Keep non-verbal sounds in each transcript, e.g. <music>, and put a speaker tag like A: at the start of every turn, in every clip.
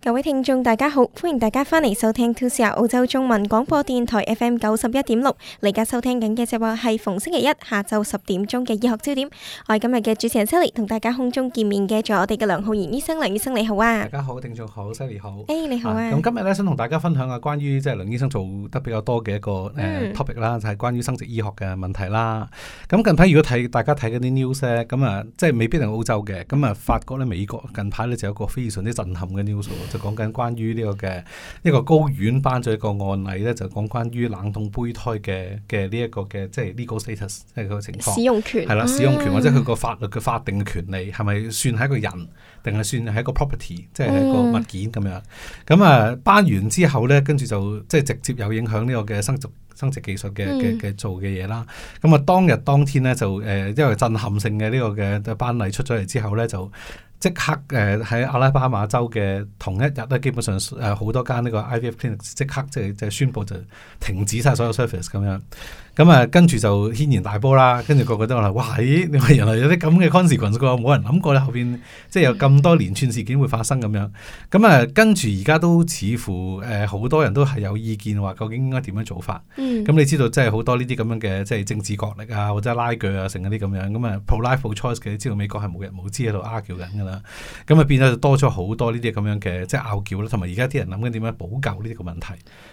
A: 各位聽眾大家好，歡迎大家翻嚟收聽 To s i 澳洲中文廣播電台 FM 九十一點六。而家收聽緊嘅就係逢星期一下晝十點鐘嘅醫學焦點。我係今日嘅主持人 Sally，同大家空中見面嘅，仲有我哋嘅梁浩然醫生。梁醫生你好啊！大
B: 家好，聽眾好，Sally 好。誒，hey，
A: 你好、啊。咁、啊、今
B: 日咧，想同大家分享下關於即係梁醫生做得比較多嘅一個誒 topic 啦、嗯，就係關於生殖醫學嘅問題啦。咁近排如果睇大家睇嗰啲 news 咧，咁啊，即係未必係澳洲嘅，咁啊，法國咧、美國近排咧就有個非常之震撼嘅 news。就講緊關於呢個嘅一、這個高院頒咗一個案例咧，就講關於冷凍胚胎嘅嘅呢一個嘅、這個、即係 legal status，即係佢個情況使。使用權係啦，使用權或者佢個法律嘅法定嘅權利係咪算係一個人，定係算係一個 property，即係一個物件咁、嗯、樣？咁啊頒完之後咧，跟住就即係直接有影響呢個嘅生殖生殖技術嘅嘅嘅做嘅嘢啦。咁啊當日當天咧就誒、呃、因為震撼性嘅呢個嘅頒例出咗嚟之後咧就。就就就即刻誒喺阿拉巴馬州嘅同一日咧、啊，基本上誒好多間呢個 IVF clinics 即刻即係即係宣布就停止晒所有 service 咁樣。咁、嗯、啊跟住就軒然大波啦，跟住個個都話：哇咦！原來有啲咁嘅 consequence 冇人諗過咧後邊即係有咁多連串事件會發生咁樣。咁、嗯嗯、啊跟住而家都似乎誒好、呃、多人都係有意見話，究竟應該點樣做法？啊、嗯。咁、嗯嗯、你知道即係好多呢啲咁樣嘅即係政治角力啊，或者拉鋸啊，成嗰啲咁樣。咁啊 pro-life or choice 嘅，你知道美國係冇人冇知喺度 argue 緊㗎。咁啊，變咗就多咗好多呢啲咁樣嘅，即係拗撬啦，同埋而家啲人諗緊點樣補救呢個問題。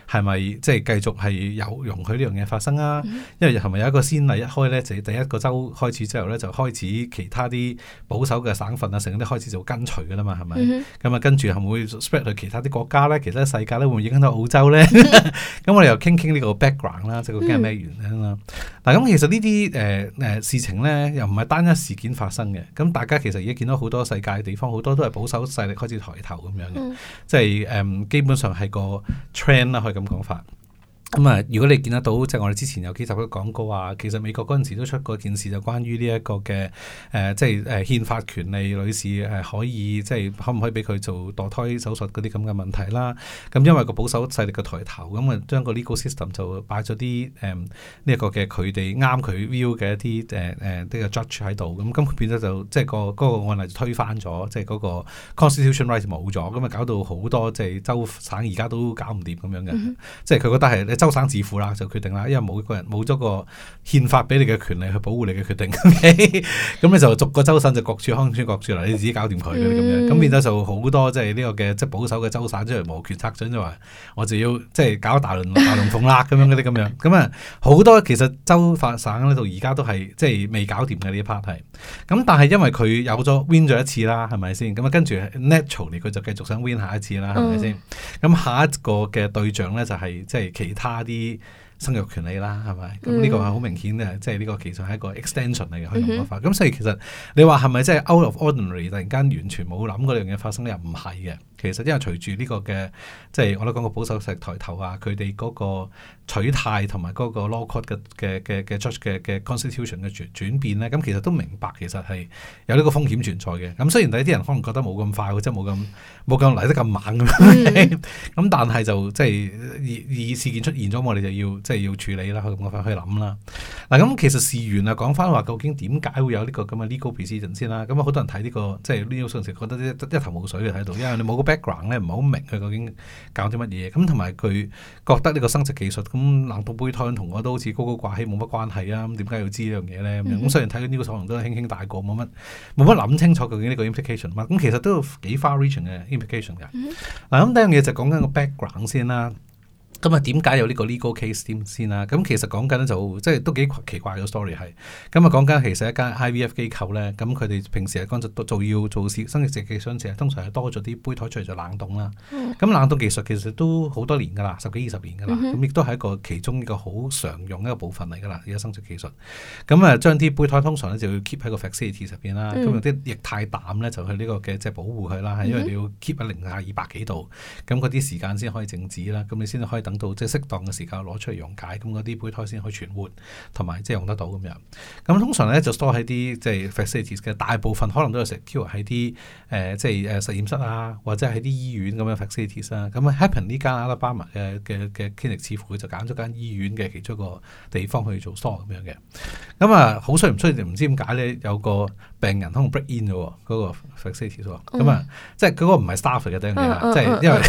B: 係咪即係繼續係有容許呢樣嘢發生啊？Mm hmm. 因為係咪有一個先例？一開咧就第一個州開始之後咧，就開始其他啲保守嘅省份啊，成啲開始就跟隨嘅啦嘛，係咪？咁啊、mm，跟住係咪會 spread 去其他啲國家咧？其他世界咧會唔會影響到澳洲咧？咁我哋又傾傾呢個 background 啦，即係個咩原因啦？嗱、嗯，咁、嗯、其實呢啲誒誒事情咧，又唔係單一事件發生嘅。咁、嗯嗯嗯、大家其實已經見到好多世界嘅地方，好多都係保守勢力開始抬頭咁樣嘅，即係誒基本上係個 trend 啦去。咁講法。咁啊、嗯，如果你見得到，即係我哋之前有幾集都講過話，其實美國嗰陣時都出過一件事，就關於呢一個嘅誒、呃，即係誒憲法權利女士誒、呃、可以，即係可唔可以俾佢做墮胎手術嗰啲咁嘅問題啦？咁、嗯、因為個保守勢力嘅抬頭，咁啊將個 legal system 就擺咗啲誒呢一、嗯這個嘅佢哋啱佢 view 嘅一啲誒誒呢個 judge 喺度，咁咁佢變咗就即係個嗰個案例推翻咗，即係嗰個 constitution rights 冇咗，咁、嗯、啊、嗯、搞到好多即係州省而家都搞唔掂咁樣嘅，即係佢覺得係。州省自負啦，就決定啦，因為冇一個人冇咗個憲法俾你嘅權利去保護你嘅決定，咁、 <laughs> 嗯、 <laughs> 你就逐個州省就各處鄉村各處例，你自己搞掂佢嘅咁樣，咁變咗就好多即係呢個嘅即係保守嘅州省即係無決策準，即係話我就要即係搞大輪大龍鳳啦咁樣嗰啲咁樣，咁啊好多其實州省呢度而家都係即係未搞掂嘅呢 part 係，咁但係因為佢有咗 win 咗一次啦，係咪先？咁啊跟住 natural 佢就繼續想 win 下一次啦，係咪先？咁、嗯、下一個嘅對象咧就係即係其他。差啲生育權利啦，係咪？咁呢、mm hmm。個係好明顯嘅，即係呢個其實係一個 extension 嚟嘅，可以咁講法。咁、hmm。嗯、所以其實你話係咪即係 out of ordinary，突然間完全冇諗過呢樣嘢發生咧？又唔係嘅。其實因為隨住呢個嘅，即、就、係、是、我都講過保守石抬頭啊，佢哋嗰個取態同埋嗰個 local 嘅嘅嘅嘅 judge 嘅嘅 constitution 嘅轉變咧，咁其實都明白其實係有呢個風險存在嘅。咁雖然有啲人可能覺得冇咁快，即係冇咁冇咁嚟得咁猛咁，咁、嗯、 <laughs> 但係就即係以事件出現咗，我哋就要即係、就是、要處理啦，去看看去諗啦。嗱咁其實事源啊，講翻話究竟點解會有呢個咁嘅 legal basis 先啦。咁啊，好多人睇呢、這個即係 new 嘅時候覺得一,一頭霧水喺度，因為你冇 background 咧，唔係好明佢究竟搞啲乜嘢，咁同埋佢覺得呢個生殖技術咁、嗯、冷凍胚胎，同我都好似高高掛起冇乜關係啊！咁點解要知呢樣嘢咧？咁、嗯、哼雖然睇到呢個內容都係輕輕大過，冇乜冇乜諗清楚究竟呢個 implication，咁其實都幾 far-reaching 嘅 implication 嘅。嗱咁第一樣嘢就講緊個 background 先啦。咁啊，點解有個呢個 legal case 添先啦？咁其實講緊咧就即係都幾奇怪嘅 story 係。咁啊，講緊其實一間 IVF 機構咧，咁佢哋平時嚟講就做要做事生殖技術通常係多咗啲胚胎出嚟就冷凍啦。咁、嗯、冷凍技術其實都好多年㗎啦，十幾二十年㗎啦。咁亦都係一個其中一個好常用一個部分嚟㗎啦，而家生殖技術。咁、嗯、啊，將啲、嗯、胚胎通常咧就要 keep 喺個 facility 入邊啦。咁有啲液態氮咧就去呢個嘅即係保護佢啦，因為你要 keep 喺零下二百幾度，咁嗰啲時間先可以靜止啦，咁你先可以等。到即係適當嘅時間攞出嚟溶解，咁嗰啲胚胎先可以存活，同埋即係用得到咁樣。咁通常咧就 store 喺啲即係 facilities、就是、嘅大部分可能都有食，Q 喺啲誒即係誒實驗室啊，或者喺啲醫院咁樣 facilities 啊。咁 happen 呢間阿拉巴馬嘅嘅嘅 clinic 似乎佢就揀咗間醫院嘅其中一個地方去做 store 咁樣嘅。咁啊，好衰唔衰唔知點解咧，有個。病人可能 break in 咗喎，嗰個 f a c 咁啊，即係嗰個唔係 staff 嘅，等你啊，即係因為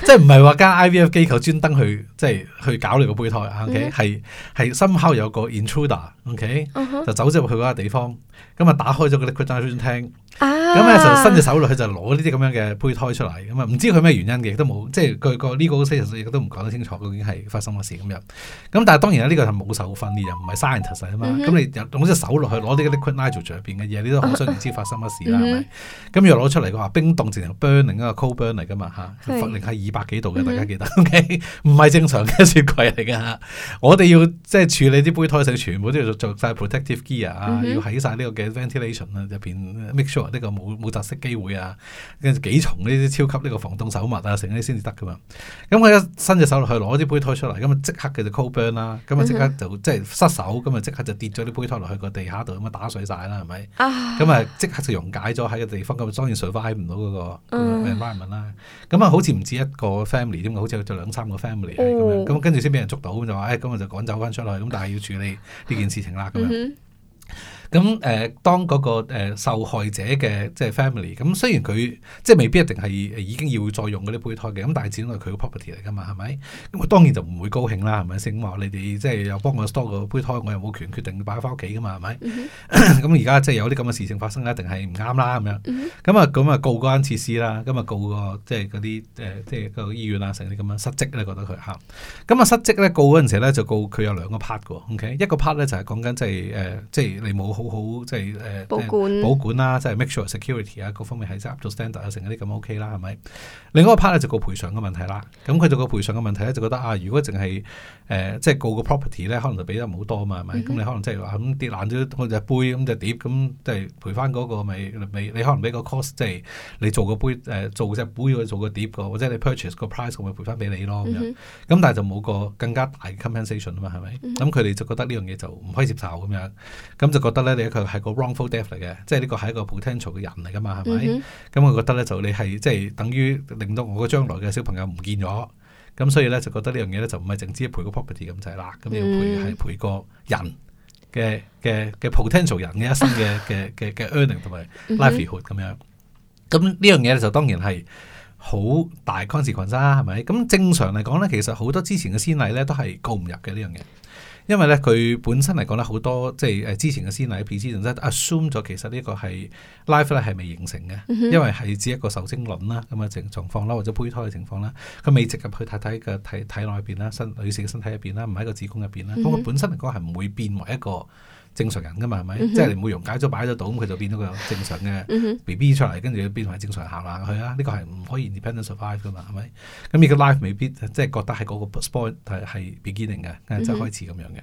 B: 即係唔係話間 IVF 機構專登去即係去搞你、okay? 嗯、哼個胚胎啊？OK，係係深口有個 intruder，OK，就走咗入去嗰個地方，咁啊打開咗個 liquid nitrogen tank、嗯。嗯。咁咧就伸隻手落去就攞呢啲咁樣嘅胚胎出嚟，咁啊唔知佢咩原因嘅，都冇即係佢個呢個 scientist 亦都唔講得清楚究竟係發生乜事咁又，咁但係當然呢個係冇受訓嘅又唔係 scientist 啊嘛，咁你又攞隻手落去攞啲 liquid nitrogen 入邊嘅嘢，你都可想而知發生乜事啦，係咪、嗯哼？咁若攞出嚟嘅話，冰凍成 burn，另一個 cold burn 嚟噶嘛嚇，零係二百幾度嘅，大家記得唔係、嗯、 <laughs> 正常嘅雪櫃嚟嘅，我哋要即係處理啲胚胎時，全部都要做晒 protective gear 啊，要喺晒呢個嘅 ventilation 啊入邊 make sure 呢個冇冇窒息機會啊！跟住幾重呢啲超級呢、這個防凍手物啊，成嗰啲先至得噶嘛。咁我一伸隻手落去攞啲杯胎出嚟，咁啊即刻佢就 co burn 啦，咁啊即刻就，burn，刻就、mm hmm. 即係失手，咁啊即刻就跌咗啲杯胎落去個地下度，咁啊打碎晒啦，係咪？咁啊即刻就溶解咗喺個地方，咁啊當然 survive 唔到嗰個 environment 啦。咁啊、 <laughs> 嗯、好似唔止一個 family 添，好似有兩三個 family 咁樣，咁跟住先俾人捉到咁就話，誒咁啊就趕走翻出去。」咁但係要處理呢件事情啦咁樣。 <laughs> <laughs> 咁誒，嗯嗯、當嗰個受害者嘅即係 family，咁雖然佢即係未必一定係已經要再用嗰啲胚胎嘅，咁但係始終係佢個 property 嚟噶嘛，係咪？咁當然就唔會高興啦，係咪先？話你哋即係又幫我 store 個胚胎，我又冇權決定擺翻屋企噶嘛，係咪？咁而家即係有啲咁嘅事情發生，一定係唔啱啦咁、嗯、哼樣。咁啊，咁啊告嗰間設施啦，咁啊告個即係嗰啲即係個醫院啊，成啲咁樣失職咧，覺得佢嚇。咁啊失職咧告嗰陣時咧就告佢有兩個 part 嘅，OK，一個 part 咧就係、是、講緊即係誒，即係你冇。好好即係誒，保管啦，管即係 make sure security 啊，各方面係 up to standard 啊，成嗰啲咁 OK 啦，係咪？另外一個 part 咧就個賠償嘅問題啦。咁佢就個賠償嘅問題咧，就覺得啊，如果淨係誒，即係告個 property 咧，可能就俾得唔好多啊嘛，係咪？咁、嗯、哼你可能即係話咁跌爛咗，我、那個那個、隻杯咁就碟咁，即係賠翻嗰個咪咪、那個那個，你可能俾個 cost 即係你做個杯誒、呃，做隻杯嘅做個碟個，或者你 purchase 個 price 我咪賠翻俾你咯咁樣。咁、嗯、哼但係就冇個更加大嘅 compensation 啊嘛，係咪？咁佢哋就覺得呢樣嘢就唔可以接受咁樣，咁就覺得咧。你咧佢係個 wrongful death 嚟嘅，即係呢個係一個 potential 嘅人嚟噶嘛，係咪？咁、mm hmm. 嗯、我覺得咧，就你係即係等於令到我嘅將來嘅小朋友唔見咗，咁所以咧就覺得呢樣嘢咧就唔係淨止賠個 property 咁滯啦，咁你要賠係賠個人嘅嘅嘅 potential 人嘅一生嘅嘅嘅嘅 earning 同埋 livelihood 咁樣。咁呢、mm hmm. 樣嘢咧就當然係好大 consequence 啦，係咪？咁正常嚟講咧，其實好多之前嘅先例咧都係告唔入嘅呢樣嘢。因為咧，佢本身嚟講咧，好多即係誒之前嘅先例，P C D 都 assume 咗其實呢個係 life 咧係未形成嘅，mm hmm. 因為係指一個受精卵啦咁嘅情狀況啦，或者胚胎嘅情況啦，佢未直入去太太嘅體體內入邊啦，身女性嘅身體入邊啦，唔喺個子宮入邊啦，咁佢、mm hmm. 本身嚟講係唔會變為一個正常人噶嘛，係咪？Mm hmm. 即係你冇溶解咗，擺得到，咁佢就變咗個正常嘅 B B 出嚟，跟住、mm hmm. 變埋正常行行去啊！呢個係唔可以 dependent survive 噶嘛，係咪？咁而個 life 未必即係覺得係嗰個 point 係 beginning 嘅，即係開始咁樣嘅。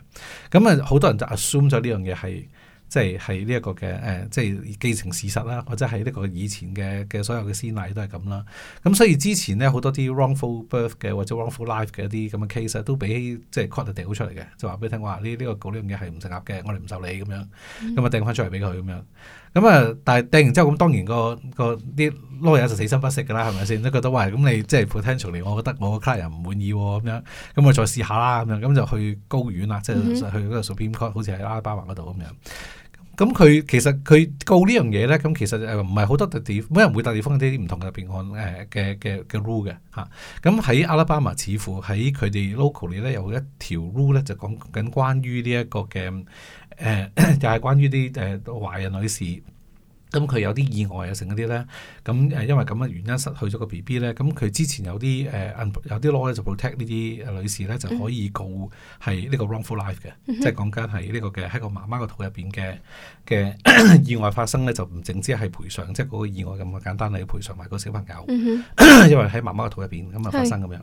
B: 咁啊、mm，好、hmm. 多人就 assume 咗呢樣嘢係。即係喺呢一個嘅誒，即係繼承事實啦，或者係呢個以前嘅嘅所有嘅先例都係咁啦。咁、嗯、所以之前咧好多啲 wrongful birth 嘅或者 wrongful life 嘅一啲咁嘅 case 都俾即係 court 就掟咗出嚟嘅，就話俾你聽話呢呢個嗰啲嘢係唔適合嘅，我哋唔受理咁樣，咁啊掟翻出嚟俾佢咁樣。咁啊、嗯嗯，但係掟完之後咁，當然個個啲 lawyer 就死心不息㗎啦，係咪先都覺得喂，咁你即係 potential 嚟，我覺得我個 client 唔滿意咁樣，咁我再試下啦咁樣，咁就去高院啦，即係去嗰個 Supreme Court，好似喺阿拉巴馬嗰度咁樣。咁佢其實佢告呢樣嘢咧，咁其實誒唔係好多地方，冇人會有特例放啲唔同嘅判案嘅嘅嘅 rule 嘅嚇。咁、啊、喺阿拉巴馬似乎喺佢哋 local 裏咧有一條 rule 咧就講緊關於呢一個嘅誒，就、呃、係 <coughs> 關於啲誒懷孕女士。呃咁佢有啲意外啊，成啲咧，咁誒因為咁嘅原因失去咗個 BB 咧，咁佢之前有啲誒有啲 law 咧就 protect 呢啲女士咧就可以告係呢個 wrongful life 嘅，即係講緊係呢個嘅喺個媽媽個肚入邊嘅嘅意外發生咧，就唔淨止係賠償，即係個意外咁簡單要賠償埋個小朋友，嗯、哼咳咳因為喺媽媽個肚入邊咁啊發生咁是樣，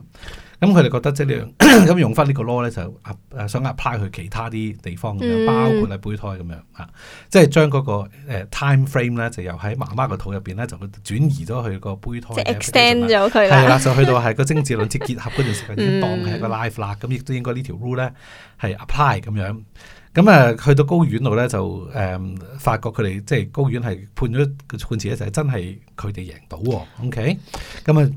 B: 咁佢哋覺得即係呢樣咁用翻呢個 law 咧就啊想 apply 去其他啲地方咁樣，包括啊胚胎咁樣啊，嗯、即係將個誒 time frame。就又喺媽媽個肚入邊咧，就轉移咗去個胚胎，即係 extend 咗佢，係 <noise> 啦樂，就去到係個精子卵子結合嗰陣時已經、 <laughs> 嗯、當係個 life 啦。咁亦都應該呢條 rule 咧係 apply 咁樣。咁啊，去到高院度咧就誒、嗯，發覺佢哋即係高院係判咗判詞，就係真係佢哋贏到、哦。OK，咁啊，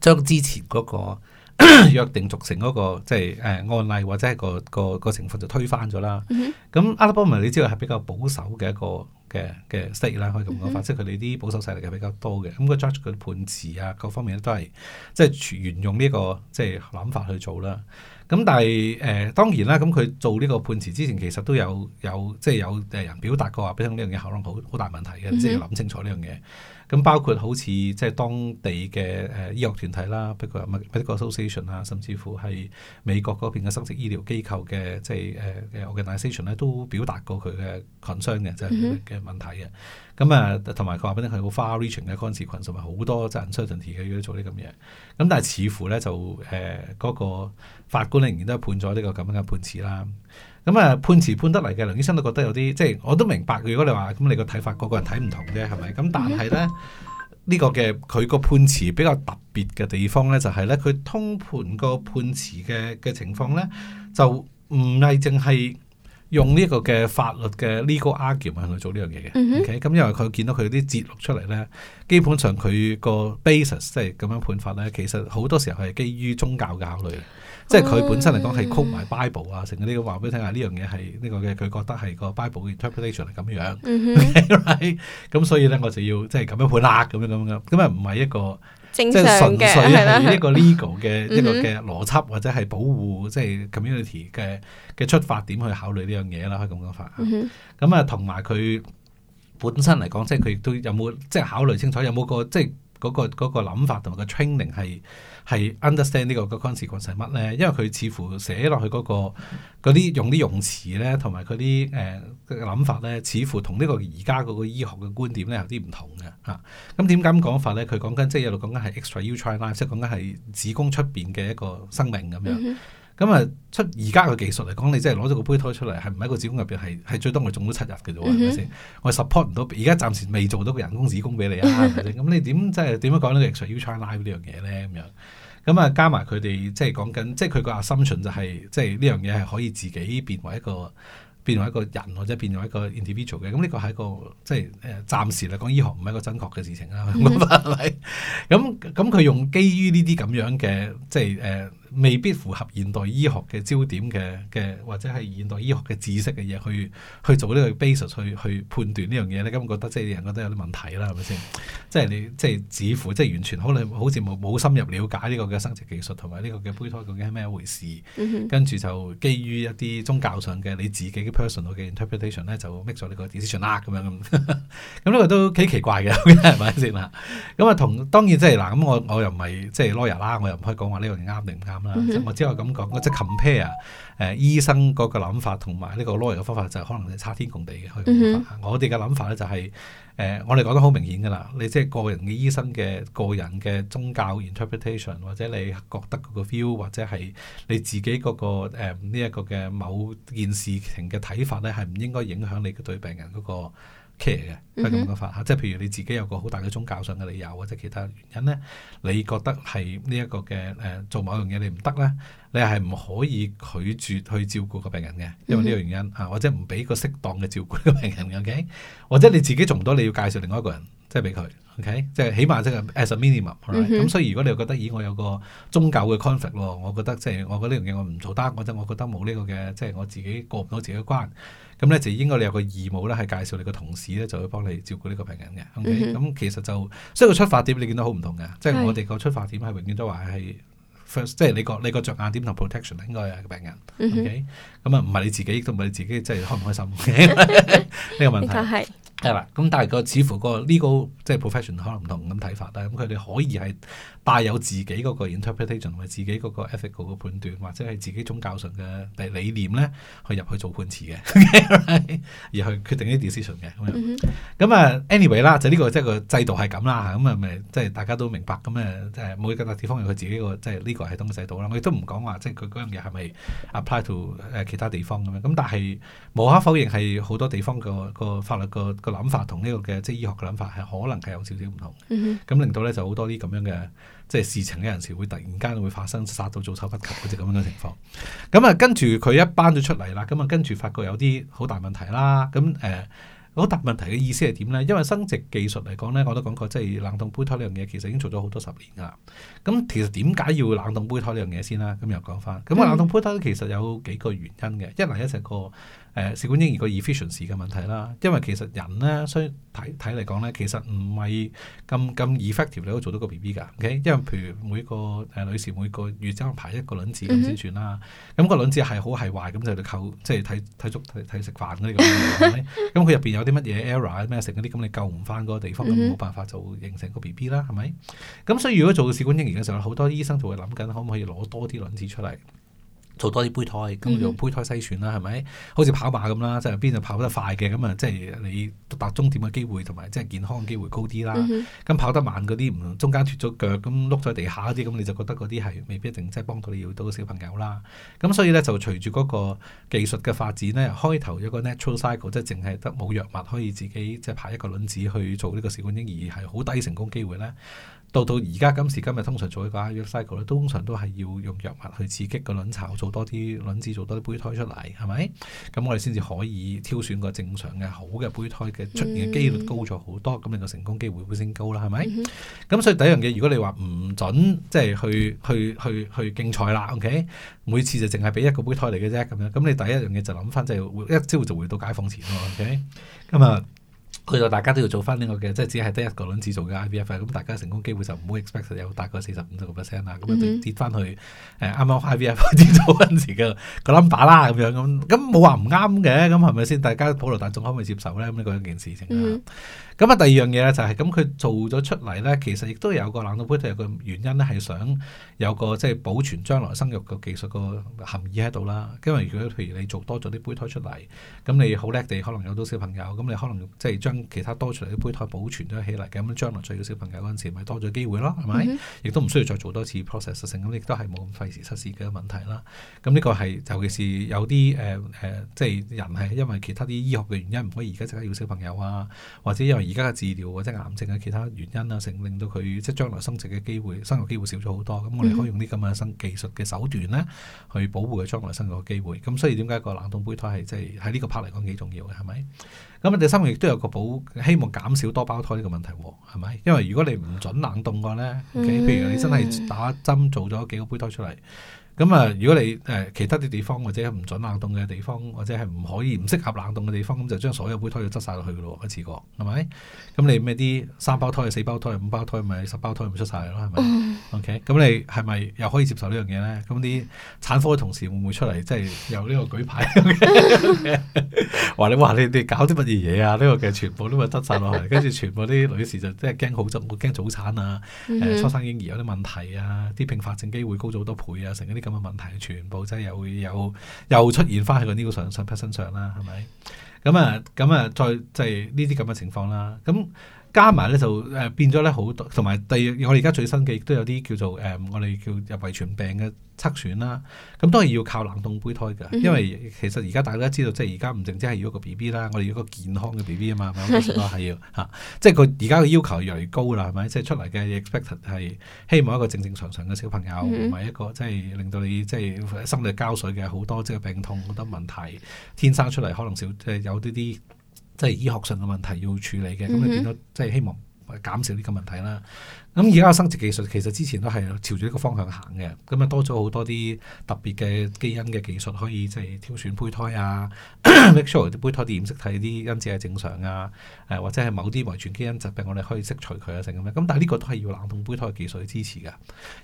B: 將之前嗰個 <laughs> 約定俗成嗰、那個即係誒案例或者係個個個成分就推翻咗啦。咁阿拉巴馬你知道係比較保守嘅一個。嘅嘅 t e 啦，state, 可以咁講。法，mm hmm. 即係佢哋啲保守勢力係比較多嘅，咁、那、佢、個、judge 佢判詞啊，各方面咧都係即係沿用呢、這個即係諗法去做啦。咁、嗯、但係誒、呃、當然啦，咁、嗯、佢做呢個判詞之前，其實都有有即係、就是、有誒人表達過話，俾佢呢樣嘢，可能好好大問題嘅，即係要諗清楚呢樣嘢。咁、嗯、包括好似即係當地嘅誒、呃、醫學團體啦，包括 American Association 啊，甚至乎係美國嗰邊嘅生殖醫療機構嘅，即係誒誒我嘅 Organization 咧，呃、ization, 都表達過佢嘅 concern 嘅即係嘅問題嘅。嗯。咁啊，同埋佢話畀你係好 far-reaching 嘅官司群同埋好多責任 certainty 嘅要做啲咁嘢。咁、嗯、但係似乎咧，就誒嗰、呃那個法官仍然都判咗呢個咁樣嘅判詞啦。咁、嗯、啊、嗯，判詞判得嚟嘅，梁醫生都覺得有啲即係我都明白。如果你話咁，你個睇法個個人睇唔同啫，係咪？咁、嗯、但係咧，呢、這個嘅佢個判詞比較特別嘅地方咧，就係、是、咧，佢通盤個判詞嘅嘅情況咧，就唔係淨係，用呢個嘅法律嘅 legal argument 去做呢樣嘢嘅，OK，咁因為佢見到佢啲節錄出嚟咧，基本上佢 bas 個 basis 即係咁樣判法咧，其實好多時候係基於宗教嘅考慮，即係佢本身嚟講係 quote 埋 Bible 啊，成日呢個話俾你聽下呢樣嘢係呢個嘅、這個，佢覺得係個 Bible 嘅 interpretation 係咁樣，咁、mm hmm. okay, right? 所以咧，我就要即係咁樣判啦，咁樣咁樣咁啊，唔係一個。即係純粹係一個 legal 嘅的一個嘅邏輯， <laughs> 或者係保護即係、就是、community 嘅嘅出發點去考慮呢樣嘢啦，可以咁講法。咁啊、 <laughs> 嗯，同埋佢本身嚟講，即係佢亦都有冇即係考慮清楚有冇個即係。嗰個嗰個諗法同埋個 training 係係 understand 呢個個 concept 係乜咧？因為佢似乎寫落去嗰啲用啲用詞咧，同埋嗰啲誒諗法咧，似乎同呢個而家嗰個醫學嘅觀點咧有啲唔同嘅嚇。咁點解咁講法咧？佢講緊即係一路講緊係 extra uterine life，即係講緊係子宮出邊嘅一個生命咁樣。Mm hmm. 咁啊、嗯，出而家嘅技術嚟講，你真係攞咗個胚胎出嚟，係唔喺個子宮入邊，係係最多我種咗七日嘅啫，係咪先？我 support 唔到，而家暫時未做到個人工子宮俾你啊！係咪先？咁 <laughs> 你點即係點樣講呢個 extrauterine life 呢樣嘢咧咁樣，咁啊、這個、 <laughs> 加埋佢哋即係講緊，即係佢個 assumption 就係即係呢樣嘢係可以自己變為一個變為一個人或者變為一個 individual 嘅。咁呢個係一個即係誒暫時嚟講，醫學唔係一個真確嘅事情啦、啊，係咪、嗯哼？咁咁佢用基於呢啲咁樣嘅即係誒。就是未必符合現代醫學嘅焦點嘅嘅，或者係現代醫學嘅知識嘅嘢，去去做呢個 basis 去去判斷呢樣嘢咧。你咁覺得即係啲人覺得有啲問題啦，係咪先？即係你即係似乎，即係完全可能好似冇冇深入了解呢個嘅生殖技術，同埋呢個嘅胚胎究竟係咩一回事？跟住就基於一啲宗教上嘅你自己嘅 personal 嘅 interpretation 咧，就 make 咗呢個 decision 啦咁樣咁。咁呢個都幾奇怪嘅，係咪先啊？咁啊，同當然即係嗱，咁我我又唔係即係 lawyer 啦，我又唔可以講話呢個啱定唔啱。Mm hmm. 我只係咁講，即、就、係、是、compare 誒、呃、醫生嗰個諗法同埋呢個 law 嘅方法，就是、可能係差天共地嘅。去諗、mm hmm. 法、就是呃，我哋嘅諗法咧就係誒，我哋講得好明顯㗎啦。你即係個人嘅醫生嘅個人嘅宗教 interpretation，或者你覺得嗰個 view，或者係你自己嗰、那個呢一、呃這個嘅某件事情嘅睇法咧，係唔應該影響你對病人嗰、那個。嘅，都係咁嘅法，即係譬如你自己有個好大嘅宗教上嘅理由，或者其他原因咧，你覺得係呢一個嘅誒、呃、做某樣嘢你唔得咧，你係唔可以拒絕去照顧個病人嘅，因為呢個原因嚇、mm hmm. 啊，或者唔俾個適當嘅照顧個病人嘅，OK？或者你自己做唔到，你要介紹另外一個人，即係俾佢，OK？即係起碼即係 as a minimum、right? mm。咁、hmm. 所以如果你覺得咦、哎，我有個宗教嘅 conflict，我覺得即係我覺得呢樣嘢我唔做得，或者我覺得冇呢、這個嘅，即係我自己過唔到自己嘅關。咁咧就應該你有個義務咧，係介紹你個同事咧，就會幫你照顧呢個病人嘅。OK，咁、嗯、哼其實就，所以個出發點你見到好唔同嘅，即、就、係、是、我哋個出發點係永遠都話係 first，即係你個你個着眼點同 protection 應該係個病人。OK，咁啊、嗯哼，唔係你自己，都唔係你自己，即係開唔開心 OK，呢 <laughs> <laughs> 個問題。係啦，咁、嗯、但係個似乎個呢個即係 legal profession 可能唔同咁睇法啦。咁佢哋可以係帶有自己嗰個 interpretation，或者自己嗰個 ethical 嘅判斷，或者係自己宗教上嘅理念咧，去入去做判詞嘅，mm hmm. <laughs> 而去決定呢啲 decision 嘅。咁咁啊，anyway 啦、這個，就呢個即係個制度係咁啦。咁、嗯、啊，咪即係大家都明白。咁、嗯、誒，即、就、係、是、每一個地方有佢自己個即係呢個系統嘅制度啦。我亦都唔講話即係佢嗰樣嘢係咪 apply to 誒、uh, 其他地方咁樣。咁、嗯、但係無可否認係好多地方個個法律個個。個諗法同呢個嘅即係醫學嘅諗法係可能係有少少唔同，咁、嗯、哼令到咧就好多啲咁樣嘅即係事情嘅人士會突然間會發生殺到措手不及好似咁樣嘅情況。咁啊、嗯嗯，跟住佢一搬咗出嚟啦，咁、嗯、啊跟住發覺有啲好大問題啦。咁、嗯、誒，好、呃、大、那個、問題嘅意思係點咧？因為生殖技術嚟講咧，我都講過，即係冷凍胚胎呢樣嘢其實已經做咗好多十年㗎。咁、嗯、其實點解要冷凍胚胎呢樣嘢先啦？咁、嗯、又講返，咁、嗯、啊、嗯、冷凍胚胎其實有幾個原因嘅，一嚟一隻個。誒，試管嬰兒個 efficiency 嘅問題啦，因為其實人咧，所以睇睇嚟講咧，其實唔係咁咁 effective，你可以做到個 B B 噶，因為譬如每個誒、呃、女士每個月只係排一個卵子咁先算啦，咁、mm hmm. 嗯，那個卵子係好係壞，咁就靠，即係睇睇足睇食飯嗰啲咁，係咪？ <laughs> 咁佢入邊有啲乜嘢 error 咩成嗰啲，咁你救唔翻嗰個地方，咁冇、mm hmm. 辦法就形成個 B B 啦，係咪？咁所以如果做到試管嬰兒嘅時候，好多醫生就會諗緊，可唔可以攞多啲卵子出嚟？做多啲胚胎，咁就胚胎篩選啦，係咪？好似跑馬咁啦，即係邊度跑得快嘅，咁啊，即係你達終點嘅機會同埋即係健康嘅機會高啲啦。咁、嗯、哼跑得慢嗰啲，唔中間脱咗腳，咁碌咗地下啲，咁你就覺得嗰啲係未必一定即係幫到你要到小朋友啦。咁所以咧，就隨住嗰個技術嘅發展咧，開頭有個 natural cycle，即係淨係得冇藥物可以自己即係排一個卵子去做呢個試管嬰兒，係好低成功機會咧。到到而家今時今日，通常做嘅 IVF cycle 咧，通常都係要用藥物去刺激個卵巢，做多啲卵子，做多啲胚胎出嚟，係咪？咁我哋先至可以挑選個正常嘅好嘅胚胎嘅出現嘅機率高咗好多，咁令到成功機會會升高啦，係咪？咁、嗯、哼所以第一樣嘢，如果你話唔準，即係去去去去競賽啦，OK？每次就淨係俾一個胚胎嚟嘅啫，咁樣，咁你第一樣嘢就諗翻，即係一朝就回到解放前咯，OK？咁啊。嗯佢就大家都要做翻呢、這個嘅，即係只係得一個輪子做嘅 IVF 咁、啊嗯嗯、大家成功機會就唔會 expect 有大概四十五十個 percent 啦，咁啊跌翻去誒，啱啱 IVF 開做嗰陣時嘅個 number 啦，咁樣咁，咁冇話唔啱嘅，咁係咪先？大家普羅大眾可唔可以接受咧？咁呢個樣件事情咁啊，第二樣嘢咧就係、是、咁，佢做咗出嚟咧，其實亦都有個冷凍胚胎個原因咧，係想有個即係、就是、保存將來生育嘅技術個含義喺度啦。因為如果譬如你做多咗啲胚胎出嚟，咁你好叻地可能有到小朋友，咁你可能即係將其他多出嚟嘅胚胎保存咗起嚟，咁將來再要小朋友嗰陣時，咪、就是、多咗機會咯，係咪？亦、mm hmm. 都唔需要再做多次 process 性，咁亦都係冇咁費時失事嘅問題啦。咁呢個係尤其是有啲誒誒，即係人係因為其他啲醫學嘅原因唔可以而家即刻要小朋友啊，或者因為。而家嘅治療或者癌症嘅其他原因啊，成令到佢即係將來生殖嘅機會，生育機會少咗好多。咁我哋可以用啲咁嘅生技術嘅手段咧，去保護佢將來生育嘅機會。咁所以點解個冷凍胚胎係即係喺呢個 part 嚟講幾重要嘅？係咪？咁第三個亦都有個保，希望減少多胞胎呢個問題，係咪？因為如果你唔準冷凍嘅話咧，嗯、okay, 譬如你真係打針做咗幾個胚胎出嚟。咁啊、嗯，如果你誒、呃、其他啲地方或者唔準冷凍嘅地方，或者係唔可以唔適合冷凍嘅地方，咁就將所有胚胎都執晒落去嘅咯，一次過，係咪？咁你咩啲三胞胎、四胞胎、五胞胎，咪十胞胎咪出晒啦，係咪、嗯、？OK，咁你係咪又可以接受呢樣嘢咧？咁啲產科嘅同事會唔會出嚟，即、就、係、是、有呢個舉牌咁話、嗯、 <laughs> <laughs> 你話你你搞啲乜嘢嘢啊？呢、這個嘅全部都咪執晒落去。跟住、嗯、全部啲女士就即係驚好執，驚早產啊，誒、呃、初生嬰兒有啲問題啊，啲併發症機會高咗好多倍啊，成啲。咁嘅問題全部真係又會有又出現返喺佢呢個上身身上啦，係咪？咁啊、嗯，咁啊、嗯嗯嗯，再即係呢啲咁嘅情況啦，咁、嗯。加埋咧就誒變咗咧好多，同埋第二我哋而家最新嘅亦都有啲叫做誒、嗯、我哋叫遺傳病嘅測試啦、啊，咁當然要靠冷凍胚胎嘅，因為其實而家大家都知道，即係而家唔淨止係要一個 B B 啦，我哋要一個健康嘅 B B 啊嘛，係、嗯、哼 <laughs> 要嚇、啊，即係佢而家嘅要求越嚟越高啦，係咪？即係出嚟嘅 expect 係希望一個正正常常嘅小朋友，唔係、嗯、哼一個即係令到你即係心理膠水嘅好多即係病痛好多問題，天生出嚟可能少即係有啲啲。即係醫學上嘅問題要處理嘅，咁你變咗即係希望減少呢個問題啦。咁而家生殖技術其實之前都係朝住呢個方向行嘅，咁、嗯、啊多咗好多啲特別嘅基因嘅技術可以即係挑選胚胎啊，make sure 啲胚胎啲染色體啲因子係正常啊，誒、呃、或者係某啲遺傳基因疾病我哋可以剔除佢啊成咁樣，咁、嗯、但係呢個都係要冷凍胚胎嘅技術嘅支持㗎，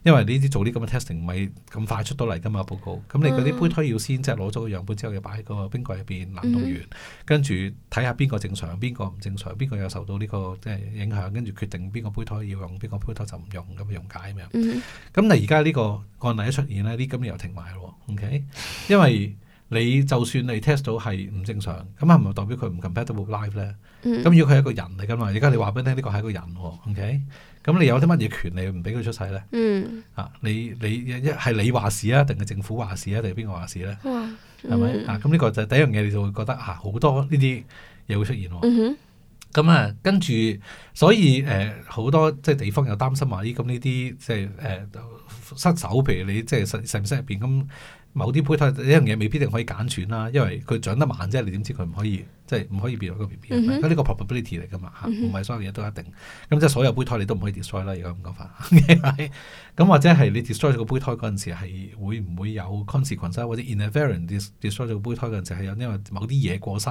B: 因為呢啲做呢咁嘅 testing 唔係咁快出到嚟㗎嘛報告，咁你嗰啲胚胎要先即係攞咗個樣本之後要擺喺個冰櫃入邊冷凍完，嗯、跟住睇下邊個正常，邊個唔正常，邊個又受到呢、這個即係、就是、影響，跟住決定邊個胚胎要用邊個。配套就唔用咁樣溶解咁樣，咁嗱而家呢個案例一出現咧，呢今年，年又停埋咯，OK？因為你就算你 test 到係唔正常，咁係咪代表佢唔 compatible with live 咧？咁要佢係一個人嚟噶嘛。而家你話俾你聽，呢個係一個人，OK？咁你有啲乜嘢權利唔俾佢出世咧？啊，你你一係你話事啊，定係政府話事啊，定係邊個話事咧？係咪啊？咁呢個就第一樣嘢，你就會覺得啊，好多呢啲嘢會出現喎。嗯咁啊、嗯，跟住，所以誒好、呃、多即係地方又擔心話，咦咁呢啲即係誒失手，譬如你即係實實物室入邊咁，某啲胚胎一樣嘢未必定可以揀選啦，因為佢長得慢啫，你點知佢唔可以？即係唔可以變一個 B B，佢呢個 probability 嚟噶嘛嚇，唔係、嗯、哼所有嘢都一定。咁即係所有胚胎你都唔可以 destroy 啦，如果咁講法。咁 <laughs> 或者係你 destroy 咗個胚胎嗰陣時係會唔會有 consequence 或者 invariant destroy 咗個胚胎嗰陣時係因為某啲嘢過失，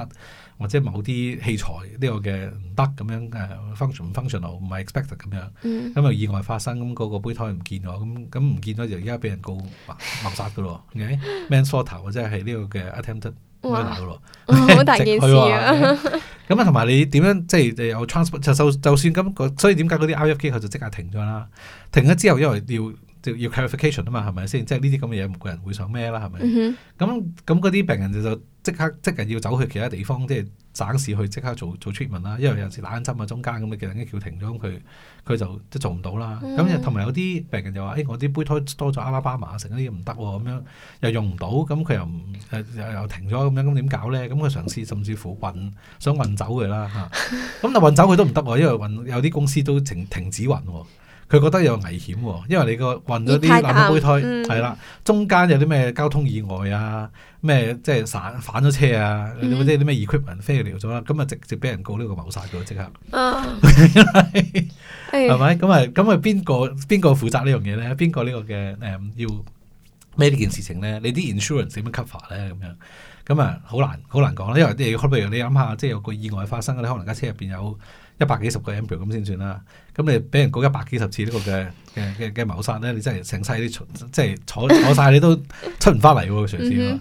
B: 或者某啲器材呢、呢個嘅唔得咁樣 function 唔 functional 唔係 expected 咁樣，因為意外發生咁嗰個胚胎唔見咗，咁咁唔見咗就而家俾人告謀殺噶咯，man slaughter 或者係呢個嘅 attempted。哇！好 <laughs> 大件事啊、 <laughs> <laughs> 嗯！咁啊，同埋你點樣即係有、呃、transport 就就算咁，所以點解嗰啲 IVF 機構就即刻停咗啦？停咗之後，因為要要 clarification 啊嘛，係咪先？即係呢啲咁嘅嘢，冇個人會想咩啦？係咪？咁咁嗰啲病人就，就即刻即係要走去其他地方，即係。省事去即刻做做 treatment 啦，因為有陣時冷針啊中間咁嘅嘅人已經叫停咗，咁佢佢就都做唔到啦。咁同埋有啲病人就話，誒、欸、我啲胚胎多咗阿拉巴馬成嗰啲唔得喎，咁樣又用唔到，咁佢又唔又又停咗，咁樣咁點搞咧？咁佢嘗試甚至乎運想運走佢啦嚇，咁就係運走佢都唔得喎，因為運有啲公司都停停止運喎。佢覺得有危險喎、哦，因為你個運咗啲冷凍胚胎，係啦、嗯，中間有啲咩交通意外啊，咩即係反反咗車啊，嗯、或者啲咩 equipment fail 咗啦，咁啊、嗯、直接俾人告呢個謀殺嘅即刻，係咪、啊？咁啊咁啊邊個邊個負責呢樣嘢咧？邊個呢個嘅誒要咩呢件事情咧？你啲 insurance 點樣 cover 咧？咁樣咁啊好難好難講咧，因為啲譬如你諗下，即係有個意外發生咧，可能架車入邊有。一百幾十個 a m 咁先算啦，咁你俾人告一百幾十次呢個嘅嘅嘅嘅謀殺咧，你真係成世你即係坐坐曬你都出唔翻嚟喎，上次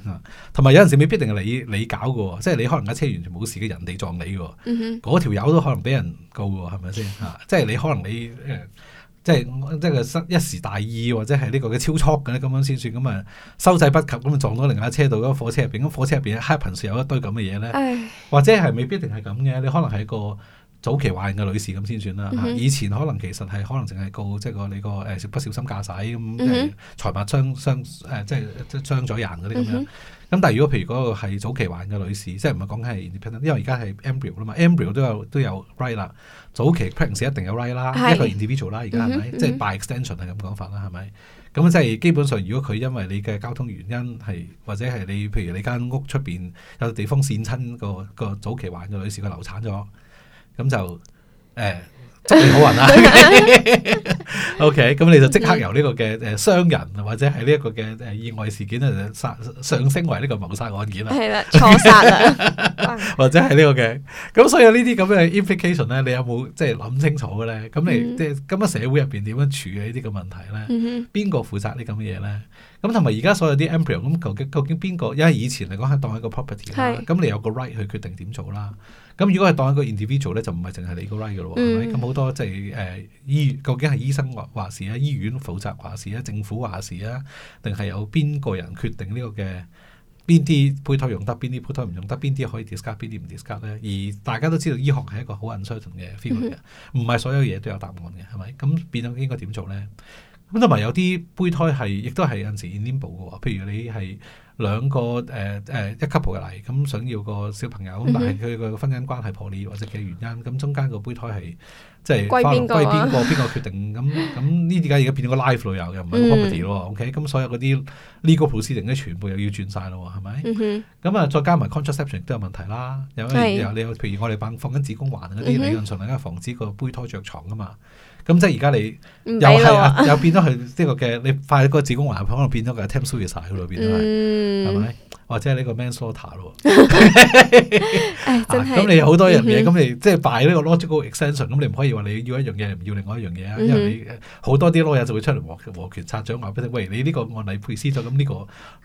B: 同埋有陣時未必定係你你搞嘅，即係你可能架車完全冇事嘅人哋撞你嘅，嗰條友都可能俾人告嘅，係咪先？啊，即係你可能你即係即係一時大意，或者係呢、呢個嘅超速嘅咧，咁樣先算，咁啊收掣不及咁啊撞到另外架車度嗰、嗰個、火車入邊，咁、嗰個、火車入邊嘅 happen 有一堆咁嘅嘢咧，唉或者係未必定係咁嘅，你可能係個早期懷孕嘅女士咁先算啦。Mm hmm. 以前可能其實係可能淨係告即係、個你個誒不小心駕駛咁財物傷傷誒即係即係傷咗人嗰啲咁樣。咁、mm hmm. 但係如果譬如嗰個係早期懷孕嘅女士，即係唔係講緊係 individual，因為而家係 embryo 啦嘛，embryo、mm hmm. 都有都有 right 啦。早期 pregnancy 一定有 right 啦，mm hmm. 一個 individual 啦，而家係咪即係 by extension 係咁講法啦？係咪？咁即係基本上，如果佢因為你嘅交通原因係或者係你譬如你間屋出邊有地方跣親個個早期懷孕嘅女士，佢流產咗。咁就誒，祝、哎、你好運啦！OK，咁你就即刻由呢個嘅誒傷人，或者係呢一個嘅意外事件咧，殺上升為呢個謀殺案件啦。係啦，錯殺啦， <laughs> 或者係呢個嘅。咁所以呢啲咁嘅 implication 咧，你有冇即係諗清楚嘅咧？咁你即係咁樣社會入邊點樣處理呢啲嘅問題咧？邊個負責呢咁嘅嘢咧？咁同埋而家所有啲 embryo 咁究竟究竟邊個？因為以前嚟講係當一個 property 啦是，咁你有個 right 去決定點做啦。咁如果係當一個 individual 咧、right, mm hmm.，就唔係淨係你個 line 噶咯喎，係咪？咁好多即係誒醫，究竟係醫生話事啊，醫院負責話事啊，政府話事啊，定係有邊個人決定呢個嘅邊啲配套用得，邊啲配套唔用得，邊啲可以 discuss，邊啲唔 discuss 咧？而大家都知道醫學係一個好 uncertain 嘅 feel 嚟嘅、mm，唔、hmm. 係所有嘢都有答案嘅，係咪？咁變咗應該點做咧？咁同埋有啲胚胎係，亦都係有陣時 in limbo 嘅。譬如你係兩個誒誒、呃呃、一級部嘅嚟，咁想要個小朋友，嗯、哼但係佢個婚姻關係破裂或者其他原因，咁中間個胚胎係即係歸邊個？邊個決定？咁咁呢點解而家變咗個 life 旅遊，又唔係 property 咯。嗯、OK，咁所有嗰啲 legal position 全部又要轉晒咯，係咪？咁啊、嗯哼，再加埋 contraception 都有問題啦。有有有，譬如我哋放放緊子宮環嗰啲，理論、嗯、哼上嚟，能夠防止個胚胎着床噶嘛。咁即係而家你又係啊，給 <laughs> 又變咗佢呢個嘅，你快發個子宮癌可能變咗個 temperator 喺裏面變係，係咪？或者呢個 manslaughter 咯，
A: 咁你好多樣嘢，咁、嗯、你
B: 即係擺呢個 logical extension，咁你唔可以話你要一樣嘢，唔要另外一樣嘢啊，因為你好多啲 lawyer 就會出嚟和和拳擦掌話俾你，喂，你呢個案例敗訴咗，咁呢個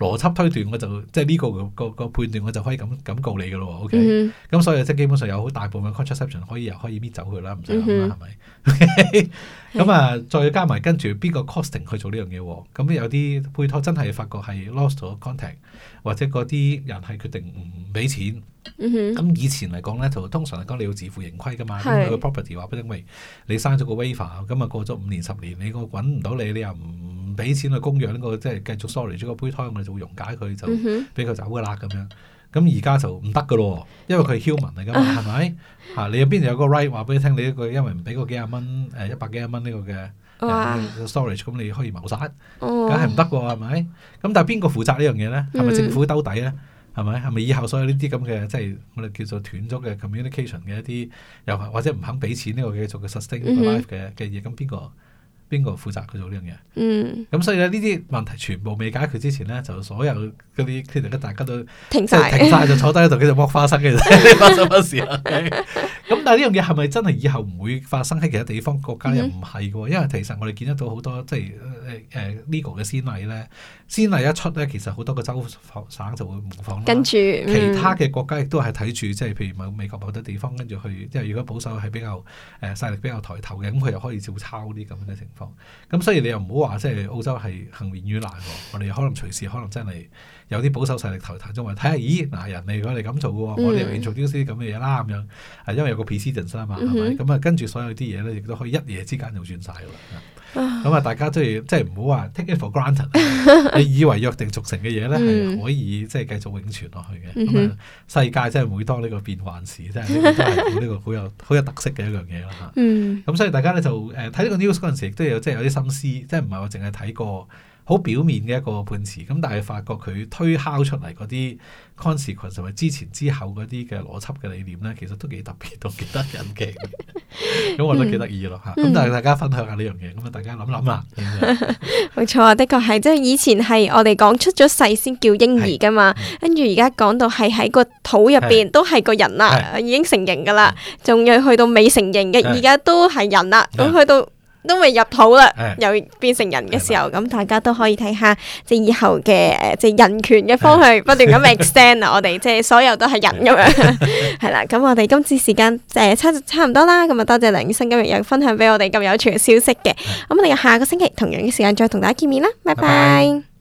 B: 邏輯推斷我就即係呢個、嗰個、嗰個判斷，我就可以咁咁告你噶咯，OK？咁、嗯、所以即係、就是、基本上有好大部分 contraception 可以又可以搣走佢啦，唔使
A: 諗啦，係咪、嗯？對吧 <laughs> 咁啊， <noise> 嗯、
B: 再加埋跟住邊個 costing 去做呢樣嘢？咁有啲胚胎真係發覺係 lost contact，或者嗰啲人係決定唔俾錢。
A: 咁、嗯哼嗯、以
B: 前嚟講咧，就通常嚟講你要自負盈虧㗎嘛。咁佢 property 話畢竟因為你生咗個 waiver 咁啊，過咗五年十年，你我揾唔到你，你又唔俾錢去供養呢個，即係繼續 storage 咗個胚胎，我哋就會溶解佢，就俾佢走㗎啦咁樣。咁而家就唔得㗎咯，因為佢係 human 嚟噶嘛，係咪？嚇、 <laughs> right，你邊度有個 right 話俾你聽，你一個因為唔俾個幾廿蚊，誒、呃、一百幾廿蚊呢個嘅 storage，咁哇你可以謀殺，梗係唔得喎，係咪？咁但係邊個負責樣呢樣嘢咧？係咪、嗯、政府兜底咧？係咪？係咪以後所有呢啲咁嘅，即係我哋叫做斷咗嘅 communication 嘅一啲又或者唔肯俾錢呢個繼續嘅 sustain life 嘅嘅嘢，咁邊個？哼邊個負責佢做呢樣嘢？嗯，咁所以咧呢啲問題全部未解決之前咧，就所有嗰啲其實大家都停晒了，停晒就坐低喺度，佢就剝花生嘅啫， <laughs> <laughs> 發生乜事咁 <laughs> <laughs> 但係呢樣嘢係咪真係以後唔會發生喺其他地方國家又唔係嘅。嗯嗯因為其實我哋見得到好多即係。就是誒誒呢個嘅先例咧，先例一出咧，其實好多個州、省就會模仿。跟住、嗯、其他嘅國家亦都係睇住，即係譬如美國某啲地方，跟住去，即係如果保守係比較誒、呃、勢力比較抬頭嘅，咁佢又可以照抄啲咁嘅情況。咁所以你又唔好話，即係澳洲係幸免於難喎，我哋可能隨時可能真係有啲保守勢力抬頭頭中，話睇下咦，嗱人哋如果你咁做嘅喎，我哋永遠做啲啲咁嘅嘢啦，咁樣因為有個 precedence 啊嘛，係咪？咁啊、嗯嗯、跟住所有啲嘢咧，亦都可以一夜之間就轉晒㗎啦。咁啊，嗯嗯、大家都要即係唔好話 take it for granted， <laughs> 你以為約定俗成嘅嘢咧，係可以即係繼續永存落去嘅。咁、嗯、啊，嗯嗯、世界真係每當呢個變幻時，真係呢個好有好 <laughs> 有特色嘅一樣嘢啦。吓、 <laughs> 嗯，咁所以大家咧就誒睇呢個 news 陣時，亦都有即係有啲心思，即係唔係我淨係睇過。好表面嘅一個判詞，咁但係發覺佢推敲出嚟嗰啲 consequence 同埋之前之後嗰啲嘅邏輯嘅理念咧，其實都幾特別，都幾得人嘅。咁我覺得幾得意咯嚇，咁但係大家分享下呢樣嘢，咁啊大家諗諗啊。冇錯啊，的確係，即係以前係我哋講出咗世先叫嬰兒噶嘛，跟住而家講到係喺個肚入邊都係個人啦，已經成型噶啦，仲要去到未成型嘅，而家都係人啦，咁去到。都未入土啦，又變成人嘅時候，咁吧、嗯、大家都可以睇下即係以後嘅誒，即係人權嘅方向不斷咁 extend <laughs> 我哋即係所有都係人咁樣，係啦。 <laughs> <laughs> 咁我哋今次時間誒、呃、差差唔多啦，咁啊多謝梁醫生今日有分享俾我哋咁有趣嘅消息嘅。咁吧我哋下個星期同樣嘅時間再同大家見面啦，拜拜。